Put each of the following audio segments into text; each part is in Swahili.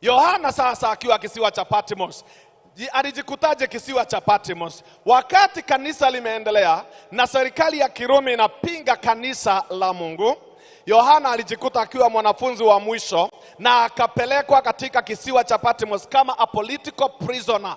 Yohana sasa akiwa kisiwa cha Patmos alijikutaje kisiwa cha Patmos? Wakati kanisa limeendelea na serikali ya Kirumi inapinga kanisa la Mungu, Yohana alijikuta akiwa mwanafunzi wa mwisho na akapelekwa katika kisiwa cha Patmos kama a political prisoner.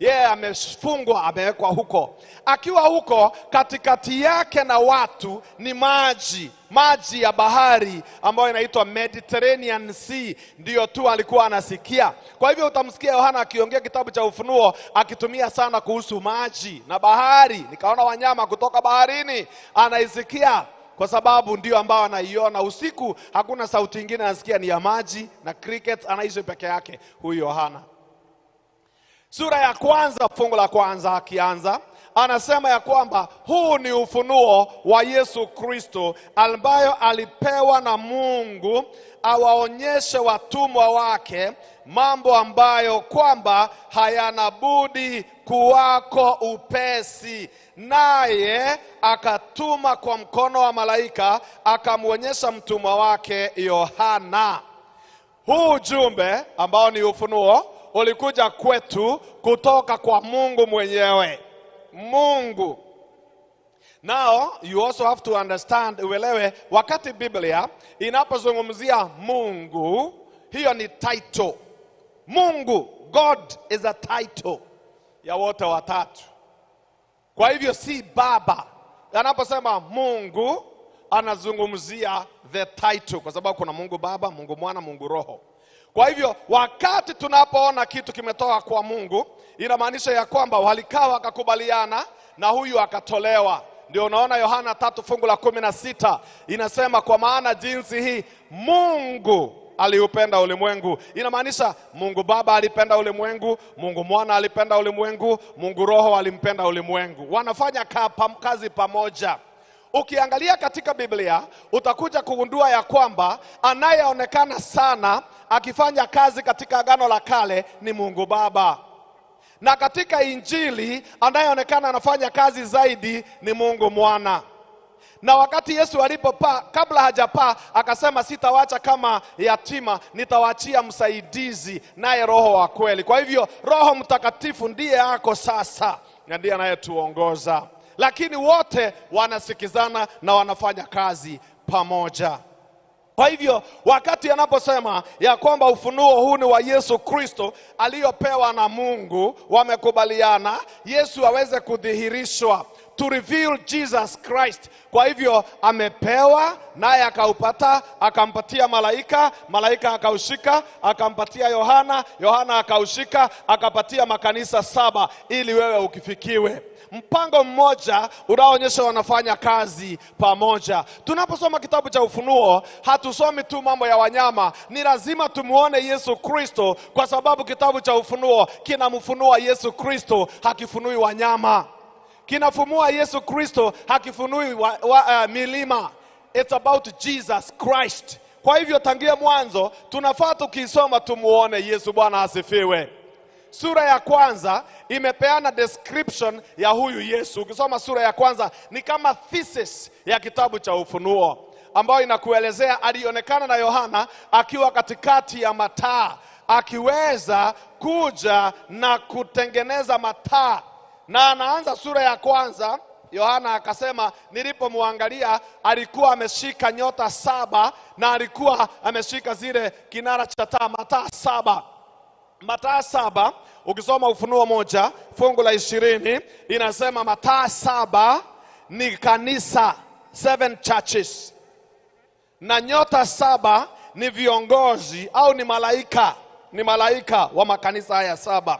Yeye yeah, amefungwa, amewekwa huko. Akiwa huko, katikati yake na watu ni maji maji ya bahari ambayo inaitwa Mediterranean Sea ndiyo tu alikuwa anasikia. Kwa hivyo utamsikia Yohana akiongea kitabu cha Ufunuo akitumia sana kuhusu maji na bahari. Nikaona wanyama kutoka baharini, anaisikia kwa sababu ndio ambao anaiona. Usiku hakuna sauti ingine anasikia, ni ya maji na crickets. Anaishi peke yake huyu Yohana. Sura ya kwanza fungu la kwanza akianza anasema ya kwamba huu ni ufunuo wa Yesu Kristo ambayo alipewa na Mungu awaonyeshe watumwa wake mambo ambayo kwamba hayana budi kuwako upesi, naye akatuma kwa mkono wa malaika akamwonyesha mtumwa wake Yohana. Huu ujumbe ambao ni ufunuo ulikuja kwetu kutoka kwa Mungu mwenyewe. Mungu. Now you also have to understand, uelewe wakati Biblia inapozungumzia Mungu, hiyo ni title. Mungu, God is a title ya wote watatu. Kwa hivyo si baba anaposema Mungu anazungumzia the title, kwa sababu kuna Mungu Baba, Mungu Mwana, Mungu Roho. Kwa hivyo wakati tunapoona kitu kimetoka kwa Mungu, inamaanisha ya kwamba walikaa wakakubaliana na huyu akatolewa. Ndio unaona Yohana tatu fungu la kumi na sita inasema kwa maana jinsi hii Mungu aliupenda ulimwengu. Inamaanisha Mungu Baba alipenda ulimwengu, Mungu Mwana alipenda ulimwengu, Mungu Roho alimpenda ulimwengu. Wanafanya kazi pamoja. Ukiangalia katika Biblia utakuja kugundua ya kwamba anayeonekana sana akifanya kazi katika Agano la Kale ni Mungu Baba, na katika Injili anayeonekana anafanya kazi zaidi ni Mungu Mwana. Na wakati Yesu alipopaa, kabla hajapaa, akasema sitawacha kama yatima, nitawaachia msaidizi, naye Roho wa kweli. Kwa hivyo Roho Mtakatifu ndiye ako sasa na ndiye anayetuongoza, lakini wote wanasikizana na wanafanya kazi pamoja. Kwa hivyo wakati anaposema ya kwamba ufunuo huu ni wa Yesu Kristo aliyopewa na Mungu, wamekubaliana Yesu aweze kudhihirishwa, to reveal Jesus Christ. Kwa hivyo amepewa naye akaupata, akampatia malaika, malaika akaushika, akampatia Yohana, Yohana akaushika, akapatia makanisa saba ili wewe ukifikiwe mpango mmoja unaoonyesha wanafanya kazi pamoja. Tunaposoma kitabu cha Ufunuo hatusomi tu mambo ya wanyama, ni lazima tumuone Yesu Kristo, kwa sababu kitabu cha Ufunuo kinamfunua Yesu Kristo, hakifunui wanyama. Kinafumua Yesu Kristo, hakifunui wa, wa, uh, milima. It's about Jesus Christ. Kwa hivyo tangia mwanzo tunafaa tukisoma tumuone Yesu. Bwana asifiwe sura ya kwanza imepeana description ya huyu Yesu. Ukisoma sura ya kwanza ni kama thesis ya kitabu cha Ufunuo ambayo inakuelezea alionekana na Yohana akiwa katikati ya mataa, akiweza kuja na kutengeneza mataa, na anaanza sura ya kwanza Yohana akasema, nilipomwangalia alikuwa ameshika nyota saba na alikuwa ameshika zile kinara cha taa, mataa saba mataa saba ukisoma Ufunuo moja fungu la ishirini inasema mataa saba ni kanisa, seven churches, na nyota saba ni viongozi au ni malaika, ni malaika wa makanisa haya saba.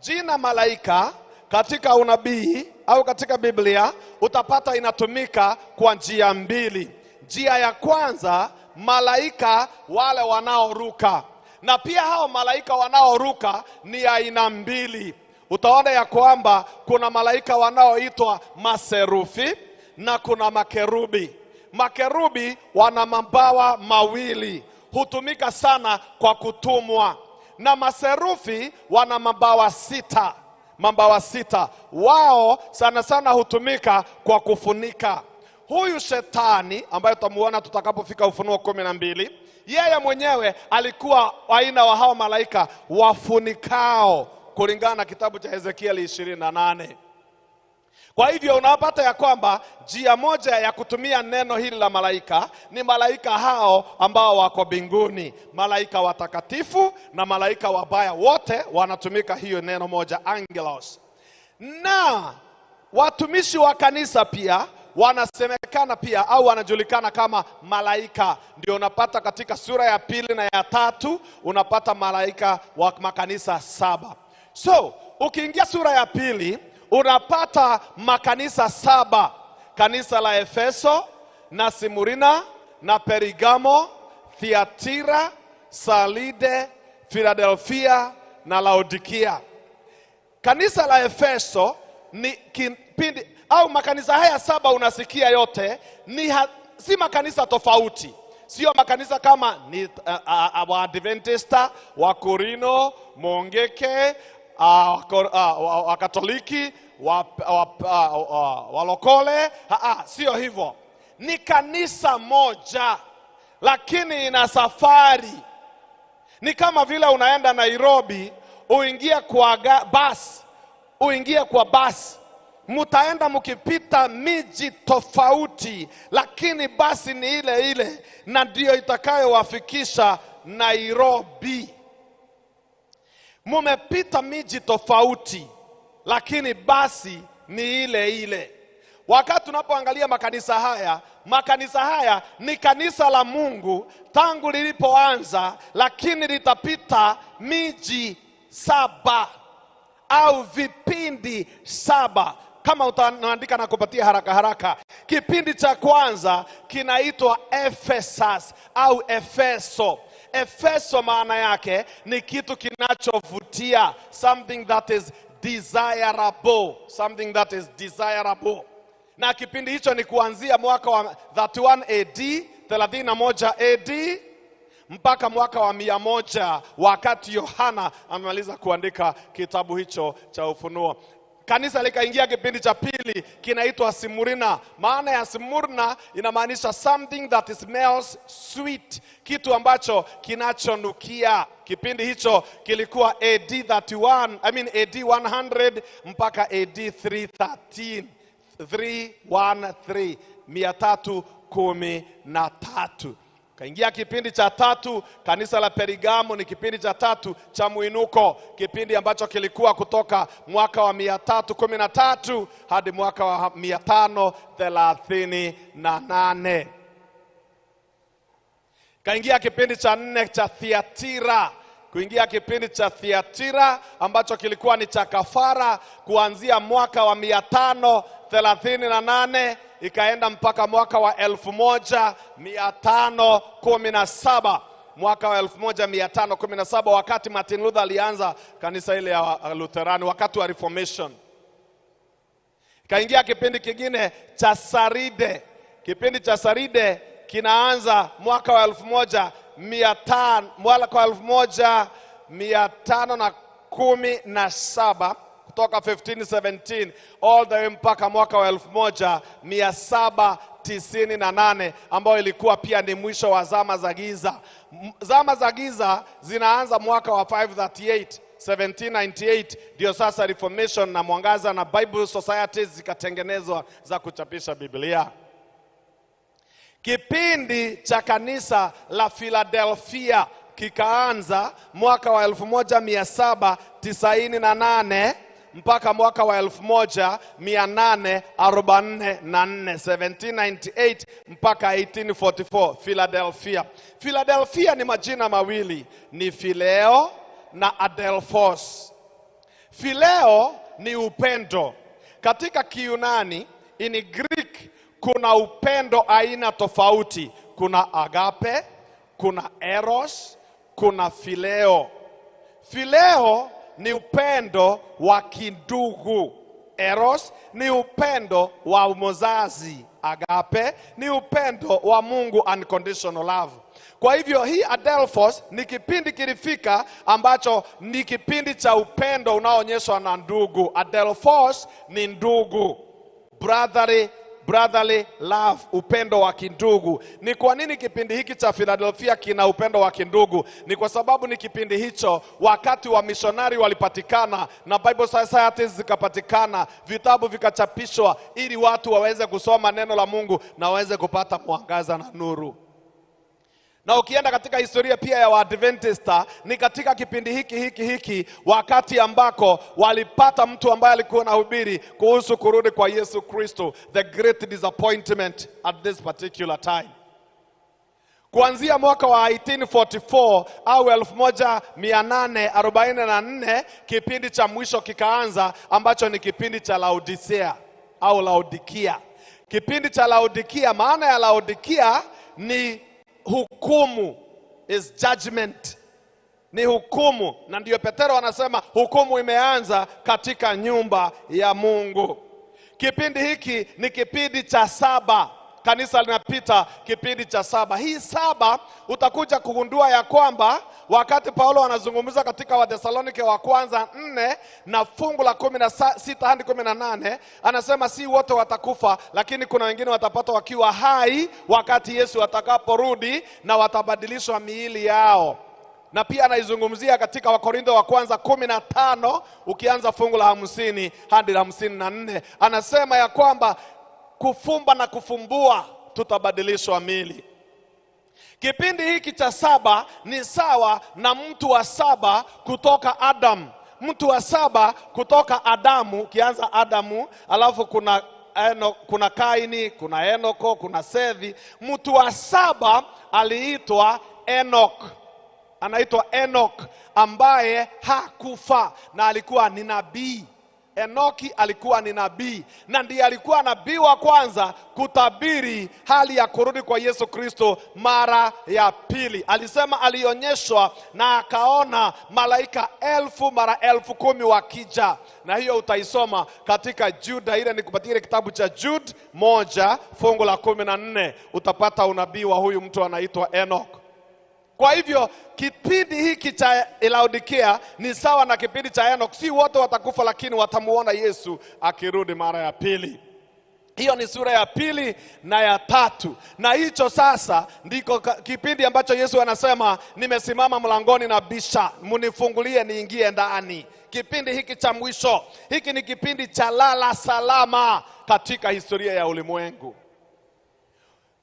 Jina malaika katika unabii au katika Biblia utapata inatumika kwa njia mbili. Njia ya kwanza, malaika wale wanaoruka na pia hao malaika wanaoruka ni aina mbili. Utaona ya kwamba kuna malaika wanaoitwa maserufi na kuna makerubi. Makerubi wana mabawa mawili, hutumika sana kwa kutumwa, na maserufi wana mabawa sita. Mabawa sita wao sana sana hutumika kwa kufunika. Huyu shetani ambaye tutamuona tutakapofika Ufunuo kumi na mbili yeye mwenyewe alikuwa aina wa hawa malaika wafunikao, kulingana na kitabu cha Ezekieli ishirini na nane. Kwa hivyo unapata ya kwamba njia moja ya kutumia neno hili la malaika ni malaika hao ambao wako mbinguni, malaika watakatifu na malaika wabaya, wote wanatumika hiyo neno moja angelos. Na watumishi wa kanisa pia wanasemekana pia au wanajulikana kama malaika. Ndio unapata katika sura ya pili na ya tatu, unapata malaika wa makanisa saba. So ukiingia sura ya pili unapata makanisa saba, kanisa la Efeso na Simurina na Perigamo, Thiatira, Salide, Filadelfia na Laodikia. Kanisa la Efeso ni kipindi au makanisa haya saba unasikia yote ni ha, si makanisa tofauti, sio makanisa kama ni uh, uh, uh, Waadventista, Wakorino, Mongeke, Wakatoliki, Walokole. Sio hivyo, ni kanisa moja, lakini ina safari. Ni kama vile unaenda Nairobi uingie kwa basi uingie kwa basi, mutaenda mkipita miji tofauti, lakini basi ni ile ile, na ndiyo itakayowafikisha Nairobi. Mumepita miji tofauti, lakini basi ni ile ile. Wakati tunapoangalia makanisa haya, makanisa haya ni kanisa la Mungu tangu lilipoanza, lakini litapita miji saba au vipindi saba kama utaandika na kupatia haraka haraka. Kipindi cha kwanza kinaitwa Ephesus au Efeso. Efeso maana yake ni kitu kinachovutia, something that is desirable, something that is desirable. Na kipindi hicho ni kuanzia mwaka wa 31 AD 31 AD mpaka mwaka wa mia moja wakati Yohana amemaliza kuandika kitabu hicho cha Ufunuo. Kanisa likaingia kipindi cha pili kinaitwa Simurina. Maana ya Simurna inamaanisha something that smells sweet, kitu ambacho kinachonukia. Kipindi hicho kilikuwa AD 31, I mean AD 100 mpaka AD 313, 313, 313. Kaingia kipindi cha tatu, kanisa la Perigamo ni kipindi cha tatu cha mwinuko, kipindi ambacho kilikuwa kutoka mwaka wa 313 hadi mwaka wa 538 na Kaingia kipindi cha nne cha Thiatira kuingia kipindi cha Thiatira ambacho kilikuwa ni cha kafara kuanzia mwaka wa mia tano thelathini na nane ikaenda mpaka mwaka wa 1517 mwaka wa 1517 wakati Martin Luther alianza kanisa ile ya Lutherani wakati wa Reformation. Ikaingia kipindi kingine cha Saride. Kipindi cha Saride kinaanza mwaka wa 1500 mwaka wa 1517 kutoka 1517 all the way mpaka mwaka wa 1798 ambayo ilikuwa pia ni mwisho wa zama za giza. Zama za giza zinaanza mwaka wa 538 1798 ndio sasa Reformation na Mwangaza na Bible Societies zikatengenezwa za kuchapisha Biblia. Kipindi cha kanisa la Philadelphia kikaanza mwaka wa 1798 mpaka mwaka wa 1844 mpaka 1844 Philadelphia. Philadelphia ni majina mawili, ni Phileo na Adelphos. Phileo ni upendo. Katika Kiyunani in Greek kuna upendo aina tofauti. Kuna agape, kuna eros, kuna phileo. Phileo ni upendo wa kindugu. Eros ni upendo wa mzazi. Agape ni upendo wa Mungu, unconditional love. Kwa hivyo hii Adelphos ni kipindi kilifika ambacho ni kipindi cha upendo unaoonyeshwa na ndugu. Adelphos ni ndugu, brotherly brotherly love, upendo wa kindugu. Ni kwa nini kipindi hiki cha Philadelphia kina upendo wa kindugu? Ni kwa sababu ni kipindi hicho wakati wa mishonari walipatikana na Bible Societies zikapatikana, vitabu vikachapishwa, ili watu waweze kusoma neno la Mungu na waweze kupata mwangaza na nuru na ukienda katika historia pia ya Waadventista ni katika kipindi hiki hiki hiki, wakati ambako walipata mtu ambaye alikuwa anahubiri kuhusu kurudi kwa Yesu Kristo, the great disappointment at this particular time. Kuanzia mwaka wa 1844 au 1844 kipindi cha mwisho kikaanza, ambacho ni kipindi cha Laodicea au Laodikia. Kipindi cha Laodikia, maana ya Laodikia ni hukumu is judgment, ni hukumu. Na ndiyo Petero anasema hukumu imeanza katika nyumba ya Mungu. Kipindi hiki ni kipindi cha saba kanisa linapita kipindi cha saba. Hii saba utakuja kugundua ya kwamba wakati Paulo anazungumza katika Wathesalonike wa kwanza nne na fungu la kumi na sita hadi kumi na nane anasema si wote watakufa, lakini kuna wengine watapata wakiwa hai wakati Yesu atakaporudi na watabadilishwa miili yao na pia anaizungumzia katika Wakorintho wa kwanza kumi na tano ukianza fungu la hamsini hadi la hamsini na nne anasema ya kwamba kufumba na kufumbua tutabadilishwa mili. Kipindi hiki cha saba ni sawa na mtu wa saba kutoka Adam, mtu wa saba kutoka Adamu, ukianza Adamu alafu kuna Eno, kuna Kaini, kuna Enoko, kuna Sethi. Mtu wa saba aliitwa Enoch, anaitwa Enoch ambaye hakufa na alikuwa ni nabii Enoki alikuwa ni nabii na ndiye alikuwa nabii wa kwanza kutabiri hali ya kurudi kwa Yesu Kristo mara ya pili. Alisema alionyeshwa na akaona malaika elfu mara elfu kumi wakija, na hiyo utaisoma katika juda ile nikupatia ile kitabu cha Jude moja fungu la kumi na nne utapata unabii wa huyu mtu anaitwa Enoch. Kwa hivyo kipindi hiki cha Laodikia ni sawa na kipindi cha Enoch, si wote watakufa, lakini watamuona Yesu akirudi mara ya pili. Hiyo ni sura ya pili na ya tatu, na hicho sasa ndiko kipindi ambacho Yesu anasema nimesimama mlangoni na bisha, munifungulie niingie ndani. Kipindi hiki cha mwisho, hiki ni kipindi cha lala salama katika historia ya ulimwengu.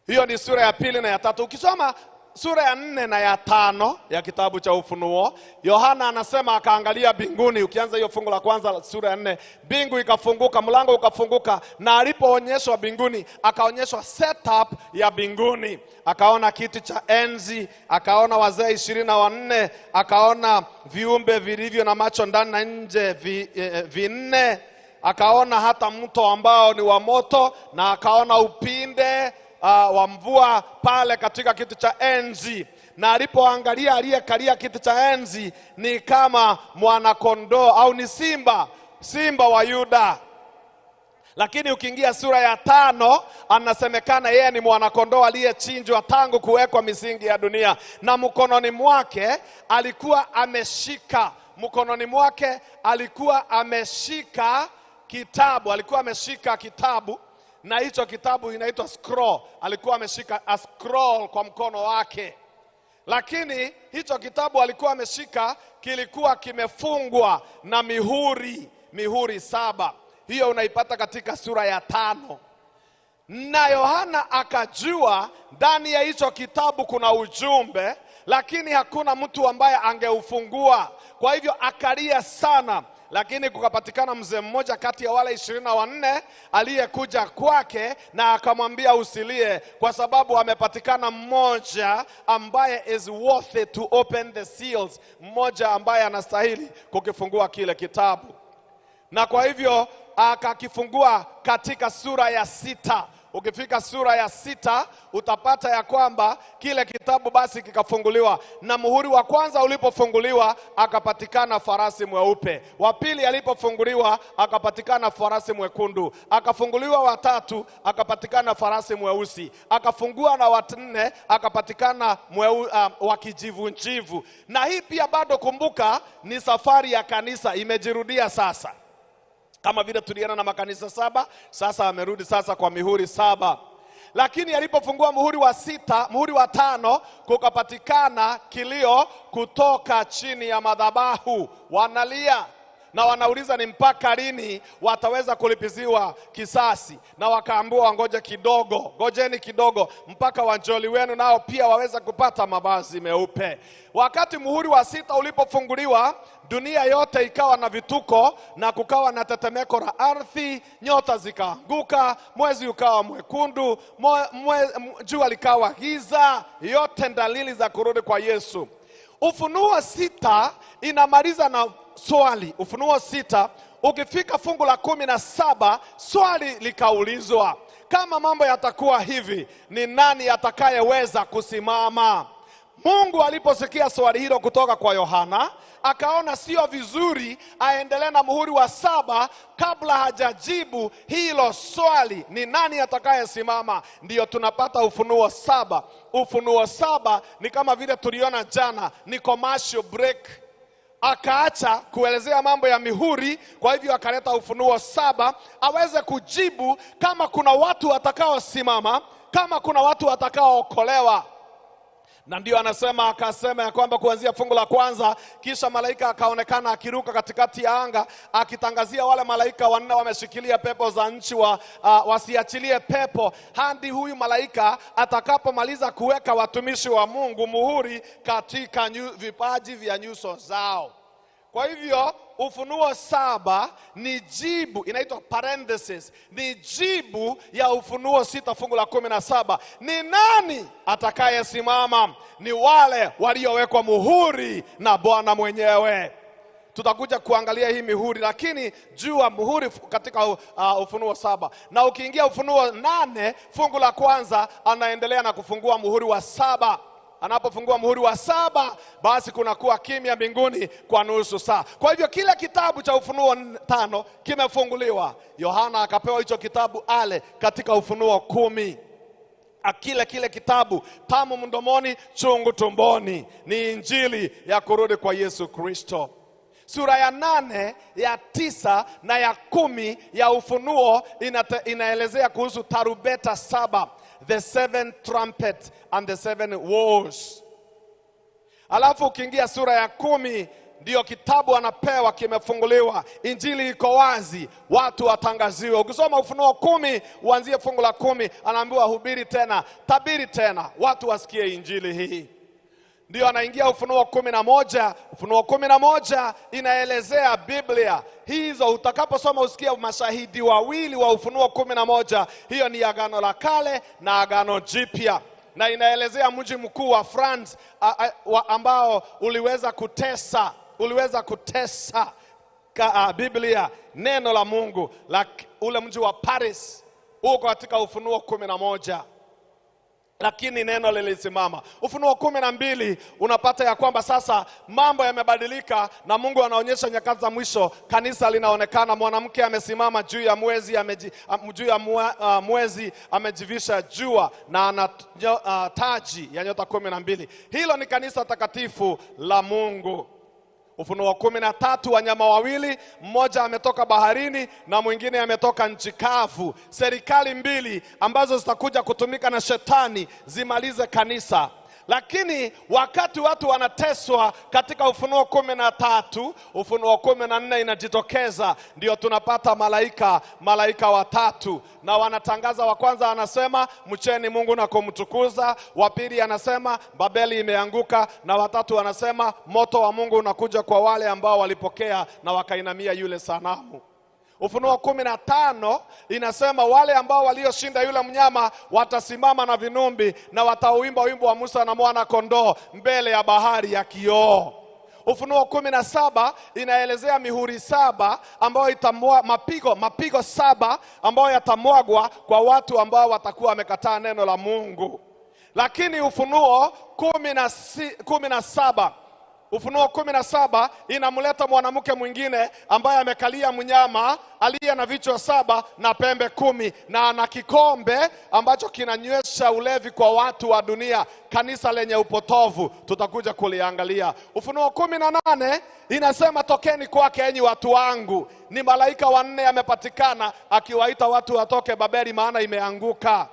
Hiyo ni sura ya pili na ya tatu. Ukisoma sura ya nne na ya tano ya kitabu cha Ufunuo, Yohana anasema akaangalia binguni Ukianza hiyo fungu la kwanza sura ya nne, mbingu ikafunguka, mlango ukafunguka, na alipoonyeshwa binguni akaonyeshwa setup ya binguni Akaona kiti cha enzi, akaona wazee ishirini na wanne, akaona viumbe vilivyo na macho ndani na nje vi, e, e, vinne, akaona hata mto ambao ni wa moto, na akaona upinde uh, wa mvua pale katika kiti cha enzi, na alipoangalia aliyekalia kiti cha enzi ni kama mwanakondoo au ni simba, simba wa Yuda. Lakini ukiingia sura ya tano, anasemekana yeye ni mwanakondoo aliyechinjwa tangu kuwekwa misingi ya dunia, na mkononi mwake alikuwa ameshika, mkononi mwake alikuwa ameshika kitabu, alikuwa ameshika kitabu na hicho kitabu inaitwa scroll. Alikuwa ameshika a scroll kwa mkono wake, lakini hicho kitabu alikuwa ameshika kilikuwa kimefungwa na mihuri, mihuri saba. Hiyo unaipata katika sura ya tano. Na Yohana akajua ndani ya hicho kitabu kuna ujumbe, lakini hakuna mtu ambaye angeufungua. Kwa hivyo akalia sana lakini kukapatikana mzee mmoja kati ya wale ishirini na wanne aliyekuja kwake na akamwambia usilie, kwa sababu amepatikana mmoja ambaye is it to open the seals, mmoja ambaye anastahili kukifungua kile kitabu. Na kwa hivyo akakifungua katika sura ya sita ukifika sura ya sita utapata ya kwamba kile kitabu basi kikafunguliwa, na muhuri wa kwanza ulipofunguliwa akapatikana farasi mweupe, wa pili alipofunguliwa akapatikana farasi mwekundu, akafunguliwa watatu akapatikana farasi mweusi, akafungua na wanne akapatikana mweu, uh, wa kijivu njivu. Na hii pia bado kumbuka, ni safari ya kanisa imejirudia sasa kama vile tulienda na makanisa saba, sasa amerudi sasa kwa mihuri saba. Lakini alipofungua muhuri wa sita, muhuri wa tano, kukapatikana kilio kutoka chini ya madhabahu, wanalia na wanauliza ni mpaka lini wataweza kulipiziwa kisasi, na wakaambua wangoje kidogo, ngojeni kidogo mpaka wanjoli wenu nao pia waweza kupata mavazi meupe. Wakati muhuri wa sita ulipofunguliwa, dunia yote ikawa na vituko na kukawa na tetemeko la ardhi, nyota zikaanguka, mwezi ukawa mwekundu, mwe, mwe, jua likawa giza. Yote dalili za kurudi kwa Yesu. Ufunuo sita inamaliza na swali Ufunuo sita ukifika fungu la kumi na saba swali likaulizwa, kama mambo yatakuwa hivi, ni nani atakayeweza kusimama? Mungu aliposikia swali hilo kutoka kwa Yohana akaona sio vizuri aendelee na muhuri wa saba kabla hajajibu hilo swali, ni nani atakayesimama? Ndiyo tunapata Ufunuo saba. Ufunuo saba ni kama vile tuliona jana, ni commercial break akaacha kuelezea mambo ya mihuri, kwa hivyo akaleta Ufunuo saba aweze kujibu kama kuna watu watakaosimama, kama kuna watu watakaookolewa na ndio anasema akasema ya kwamba kuanzia fungu la kwanza, kisha malaika akaonekana akiruka katikati ya anga akitangazia wale malaika wanne wameshikilia pepo za nchi wa, uh, wasiachilie pepo hadi huyu malaika atakapomaliza kuweka watumishi wa Mungu muhuri katika nyu, vipaji vya nyuso zao. Kwa hivyo Ufunuo saba ni jibu, inaitwa parenthesis, ni jibu ya Ufunuo sita fungu la kumi na saba. Ni nani atakayesimama? Ni wale waliowekwa muhuri na Bwana mwenyewe. Tutakuja kuangalia hii mihuri, lakini jua muhuri katika uh, Ufunuo saba. Na ukiingia Ufunuo nane fungu la kwanza, anaendelea na kufungua muhuri wa saba anapofungua muhuri wa saba, basi kunakuwa kimya mbinguni kwa nusu saa. Kwa hivyo kile kitabu cha Ufunuo tano kimefunguliwa. Yohana akapewa hicho kitabu ale katika Ufunuo kumi akila kile kitabu tamu mdomoni, chungu tumboni. Ni injili ya kurudi kwa Yesu Kristo. Sura ya nane ya tisa na ya kumi ya Ufunuo inaelezea kuhusu tarubeta saba the seven trumpet and the seven woes. Alafu ukiingia sura ya kumi ndio kitabu anapewa kimefunguliwa, injili iko wazi, watu watangaziwe. Ukisoma Ufunuo kumi uanzie fungu la kumi, anaambiwa hubiri tena, tabiri tena, watu wasikie injili hii. Ndiyo anaingia Ufunuo kumi na moja. Ufunuo kumi na moja inaelezea Biblia hizo, utakaposoma usikia mashahidi wawili wa Ufunuo kumi na moja. Hiyo ni Agano la Kale na Agano Jipya, na inaelezea mji mkuu wa France ambao uliweza kutesa, uliweza kutesa ka, a, Biblia, neno la Mungu la, ule mji wa Paris uko katika Ufunuo kumi na moja lakini neno lilisimama. Ufunuo kumi na mbili unapata ya kwamba sasa mambo yamebadilika, na Mungu anaonyesha nyakati za mwisho, kanisa linaonekana. Mwanamke amesimama juu ya mwezi ameji, juu ya mwezi amejivisha jua na ana uh, taji ya nyota kumi na mbili. Hilo ni kanisa takatifu la Mungu. Ufunuo wa kumi na tatu, wanyama wawili, mmoja ametoka baharini na mwingine ametoka nchi kavu. Serikali mbili ambazo zitakuja kutumika na shetani zimalize kanisa. Lakini wakati watu wanateswa katika Ufunuo kumi na tatu, Ufunuo kumi na nne inajitokeza, ndio tunapata malaika malaika watatu, na wanatangaza. Wa kwanza anasema mcheni Mungu na kumtukuza, wa pili anasema Babeli imeanguka, na watatu anasema moto wa Mungu unakuja kwa wale ambao walipokea na wakainamia yule sanamu. Ufunuo kumi na tano inasema wale ambao walioshinda yule mnyama watasimama na vinumbi na watauimba wimbo wa Musa na mwana kondoo mbele ya bahari ya kioo. Ufunuo kumi na saba inaelezea mihuri saba ambayo itamwa mapigo mapigo saba ambayo yatamwagwa kwa watu ambao watakuwa wamekataa neno la Mungu. Lakini Ufunuo kumi na saba Ufunuo kumi na saba inamleta mwanamke mwingine ambaye amekalia mnyama aliye na vichwa saba na pembe kumi na ana kikombe ambacho kinanywesha ulevi kwa watu wa dunia, kanisa lenye upotovu. Tutakuja kuliangalia. Ufunuo kumi na nane inasema tokeni kwake, enyi watu wangu. Ni malaika wanne amepatikana akiwaita watu watoke Babeli, maana imeanguka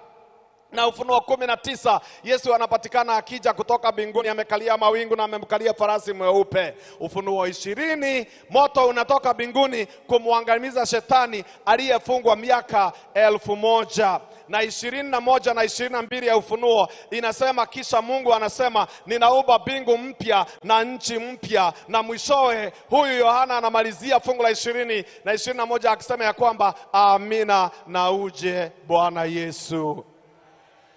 na Ufunuo kumi na tisa Yesu anapatikana akija kutoka mbinguni, amekalia mawingu na amemkalia farasi mweupe. Ufunuo ishirini moto unatoka mbinguni kumwangamiza shetani aliyefungwa miaka elfu moja na ishirini na moja na ishirini na mbili ya Ufunuo inasema, kisha Mungu anasema ninaumba mbingu mpya na nchi mpya. Na mwishowe huyu Yohana anamalizia fungu la ishirini na ishirini na moja akisema ya kwamba amina na uje Bwana Yesu.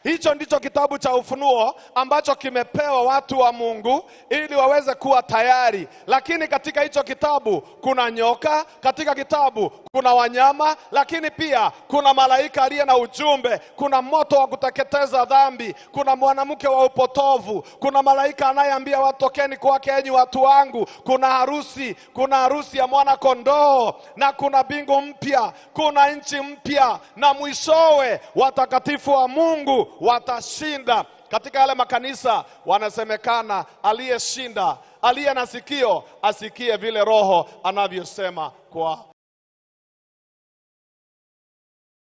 Hicho ndicho kitabu cha Ufunuo ambacho kimepewa watu wa Mungu ili waweze kuwa tayari. Lakini katika hicho kitabu kuna nyoka, katika kitabu kuna wanyama, lakini pia kuna malaika aliye na ujumbe, kuna moto wa kuteketeza dhambi, kuna mwanamke wa upotovu, kuna malaika anayeambia watokeni kwake, enyi watu wangu, kuna harusi, kuna harusi ya mwana kondoo, na kuna bingu mpya, kuna nchi mpya, na mwishowe watakatifu wa Mungu watashinda. Katika yale makanisa wanasemekana, aliyeshinda, aliye na sikio asikie vile Roho anavyosema kwa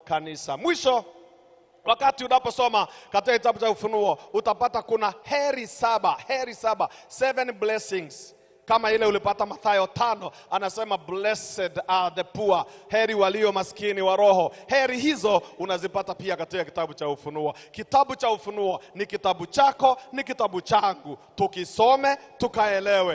kanisa. Mwisho, wakati unaposoma katika kitabu cha Ufunuo utapata kuna heri saba, heri saba, seven blessings kama ile ulipata Mathayo tano, anasema blessed are the poor, heri walio maskini wa roho. Heri hizo unazipata pia katika kitabu cha Ufunuo. Kitabu cha Ufunuo ni kitabu chako, ni kitabu changu, tukisome tukaelewe.